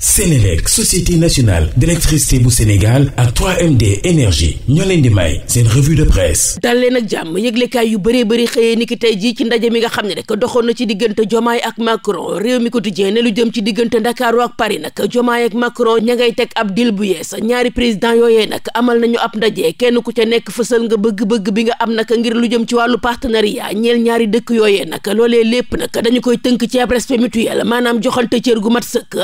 Sénélec société nationale d'électricité bu Sénégal ak 3MD énergie ñoo leen di may seen revue de presse dal leen ak jàmm yëglekaay yu bëree bëri xëyee ni tey jii ci ndaje mi nga xam ne rek doxoon na ci diggante Jomaay ak Macron réew mi quotidien ne lu jëm ci diggante Ndakaaru ak Paris nag Jomaay ak Macron ña ngay teg ab dil bu yees ñaari président yooyee nag amal nañu ab ndaje kenn ku ca nekk fësal nga bëgg-bëgg bi nga am nag ngir lu jëm ci wàllu partenariat ñeel ñaari dëkk yooyee nag loolee lépp nag dañu koy tënk ci ab respect mutuel maanaam joxante cër gu mat sëkk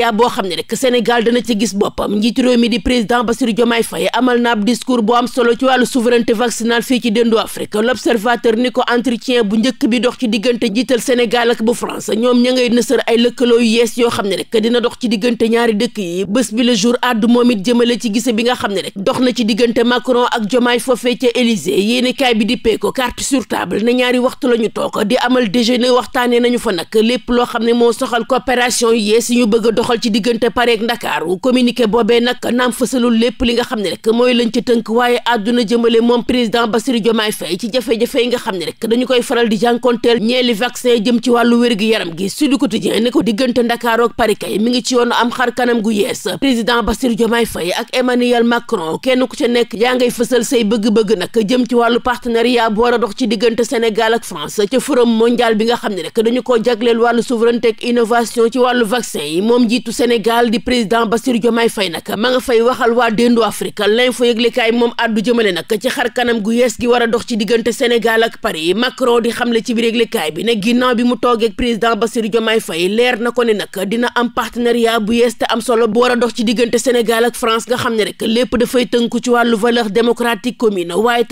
partenariat boo xam ne rek Sénégal dana ci gis boppam njiitu mi di président Bassirou Diomaye Faye amal na ab discours bu am solo ci wàllu souveraineté vaccinale fii ci déndu Afrique l'observateur ni ko entretien bu njëkk bi dox ci diggante njiital Sénégal ak bu France ñoom ña nësër ay lëkkaloo yu yees yoo xam ne rek dina dox ci diggante ñaari dëkk yi bés bi le jour àddu moom it jëmale ci gise bi nga xam ne rek dox na ci diggante Macron ak Diomaye foofee ca bi di peeko carte sur table na la ñu toog di amal déjeuner waxtaanee nañu fa nag lépp loo xam ne moo soxal coopération yu yees a doxal ci diggante pareeg ndakaaru communiqué boobee nag naam fësalul lépp li nga xam ne rek mooy lañ ca tënk waaye àdduna jëmale moom président Bassirou Diomaye Faye ci jafe-jafe yi nga xam ne rek dañu koy faral di jànkonteel ñeeli vaccin jëm ci wàllu wér-gi-yaram gi Sud Quotidien ne ko diggante ndakaaru ak Paris kay mi ngi ci yoonu am xar kanam gu yees président Bassirou Diomaye Faye ak Emmanuel Macron kenn ku ca nekk yaa ngay fësal say bëgg-bëgg nag jëm ci wàllu partenariat bu war a dox ci diggante Sénégal ak France ca forum mondial bi nga xam ne nag dañu koo jagleel wàllu souveraineté ak innovation ci wàllu vaccin yi moom njiitu Sénégal di président Bassirou Diomaye Faye nag ma nga fay waxal waa déndu Afrique l'info yëglekaay moom àddu jëmale nag ci xar kanam gu yees gi war a dox ci diggante Sénégal ak Paris Macron di xamle ci biir yëglekaay bi ne ginnaaw bi mu toogee président Bassirou Diomaye Faye leer na ko ne nag dina am partenariat bu yees te am solo bu war a dox ci diggante Sénégal ak France nga xam ne rek lépp dafay tënku ci wàllu valeur démocratique commune waaye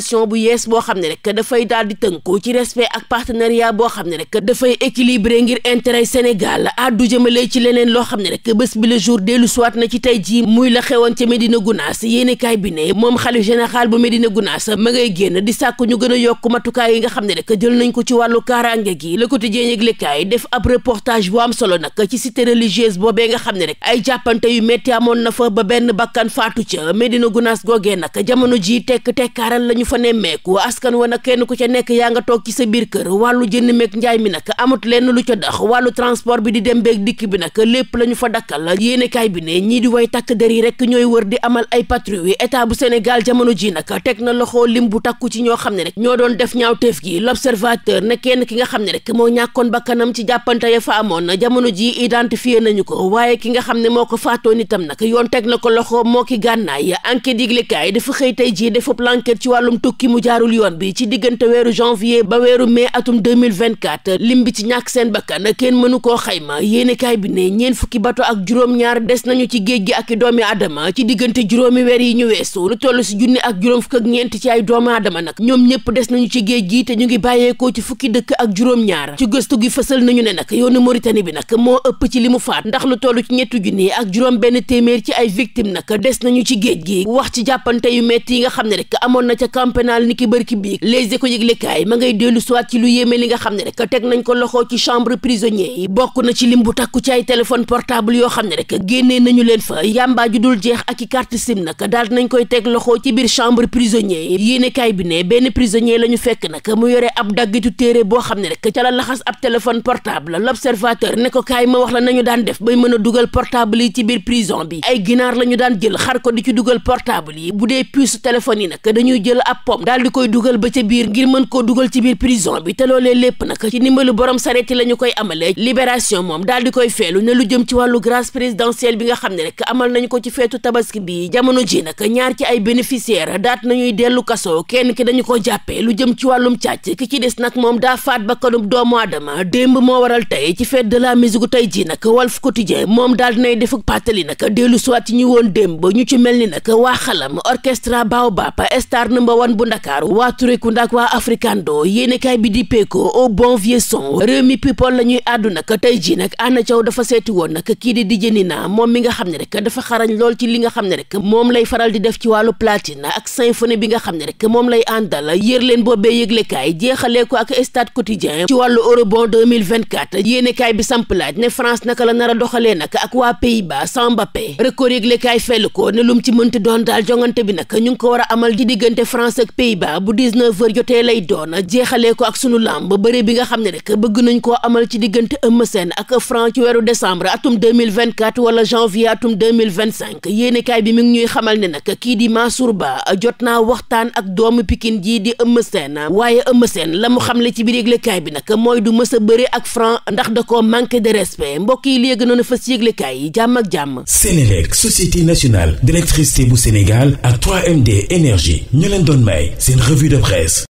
relation bu yees boo xam ne rek dafay daal di tënkoo ci respect ak partenariat boo xam ne rek dafay équilibré ngir intérêt Sénégal àddu jëmale ci leneen loo xam ne rek bés bi le jour dellu soit na ci tey jii muy la xewoon ca Medina Gounass yéenekaay bi ne moom xalif général bu Medina Gounass ma ngay génn di sàkk ñu gën a yokk matukaay yi nga xam ne rek jël nañ ko ci wàllu kaaraange gi Le Quotidien yëglekaay def ab reportage bu am solo nag ci cité religieuse boobee nga xam ne rek ay jàppante yu metti amoon na fa ba benn bakkan faatu ca Medina Gounass googee nag jamono fa nemmeeku askan wa nag kenn ku ca nekk yaa nga toog ci sa biir kër wàllu jënd meeg njaay mi nag amut lenn lu ca dox wàllu transport bi di dem beeg dikk bi nag lépp la ñu fa dakkal yéenekaay bi ne ñii di woy takk der yi rek ñooy wër di amal ay patrouille état bu Sénégal jamono ji nag teg na loxo lim bu takku ci ñoo xam ne rek ñoo doon def ñaawteef gi l'observateur ne kenn ki nga xam ne rek moo ñàkkoon ba bakkanam ci jàppante ya fa amoon jamono ji identifié nañu ko waaye ki nga xam ne moo ko faatoon itam nag yoon teg na ko loxo moo ki gànnaay enquête yëglekaay dafa xëy tey ji ci wàllum tukki mu jaarul yoon bi ci diggante weeru janvier ba weeru mai atum 2024 lim bi ci ñàkk seen bakkan kenn mënu koo xayma yéenekaay bi ne ñeen fukki bato ak juróom-ñaar des nañu ci géej gi ak doomi aadama ci diggante juróomi weer yi ñu weesu toll si junni ak juróom fukk ak ci ay doomi nag ñoom ñëpp des nañu ci géej gi te ñu ngi bàyyeekoo ci fukki dëkk ak juróom-ñaar ci gëstu gi fësal nañu ne nag yoonu Mauritanie bi nag moo ëpp ci li mu faat ndax lu toll ci ñetti junni ak juróom benn téeméer ci ay victime nag des nañu ci géej gi wax ci jàppante yu metti yi xam ne rek amoon na ca champ pénal ni ki bërki bii les éco yëglekaay ma ngay dellu soit ci lu yéeme li nga xam ne rek teg nañ ko loxo ci chambre prisonnier yi bokk na ci lim bu takku ci ay téléphone portable ne rek génnee nañu leen fa yàmbaa ju dul jeex ak i carte sim nag daal nañ koy teg loxo ci biir chambre prisonnier yi la ñu fekk nag mu yore ab daggitu téere boo xam ne rek daan def bay mën a dugal portable yi ci biir prison bi ay ginaar la ñu daan jël xar ko di ci dugal portable yi bu dee puce téléphone yi nag dañuy jël ab pom daal di koy dugal ba ca biir ngir mën koo dugal ci biir prison bi te loolee lépp nag ci ndimbalu borom sareet yi la koy amalee libération moom daal di koy feelu ne lu jëm ci wàllu grâce présidentielle bi nga xam ne rek amal nañu ko ci feetu tabaski bi jamono ji nag ñaar ci ay bénéficiaire daat nañuy dellu kaso kenn ki dañu ko jàppee lu jëm ci wàllum ki ci des nag moom daa faat bakkanub doomu aadama démb moo waral tey ci fête de la musique tey ji nag Walf Quotidien moom daal dinay defuk pàttali nag dellu soit ci ñu woon démb ba ñu ci mel ni nag waa xalam orchestre Baobab star number Tiwaawan bu Ndakaaru waa Turekunda ak waa Afrikando yéenekaay bi di Peko au bon vieux son réew mi la ñuy àddu nag tey ji nag Anna Thiaw dafa seeti woon nag kii di DJ Nina moom mi nga xam ne rek dafa xarañ lool ci li nga xam ne rek moom lay faral di def ci wàllu platine ak symphonie bi nga xam ne rek moom lay àndal yër leen boobee yëglekaay jeexalee ko ak stade quotidien ci wàllu Eurobond 2024 yéenekaay bi samp laaj ne France naka la nar a doxalee nag ak waa Pays-Bas sans Mbappé record yëglekaay fell ko ne lum ci mënti doon daal jongante bi nag ñu ngi ko a amal ci diggante France ak Pays-Bas bu 19h jotee lay doon jeexalee ko ak sunu làmb bëre bi nga xam ne rek bëgg nañ koo amal ci diggante Eumeu Sène ak Franc ci weeru décembre atum 2024 wala janvier atum 2025 yéenekaay bi mi ngi ñuy xamal ne nag kii di Mansour Ba jot naa waxtaan ak doomu Pikine jii di Eumeu Sène waaye Eumeu seen la mu xam xamle ci biir yëglekaay bi nag mooy du mës a bëre ak Franc ndax da ko manqué de respect mbokk yi léegi noonu fas yëglekaay yi jàmm ak jàmm. Sénélec société nationale d'électricité bu Sénégal ak may seen revue de presse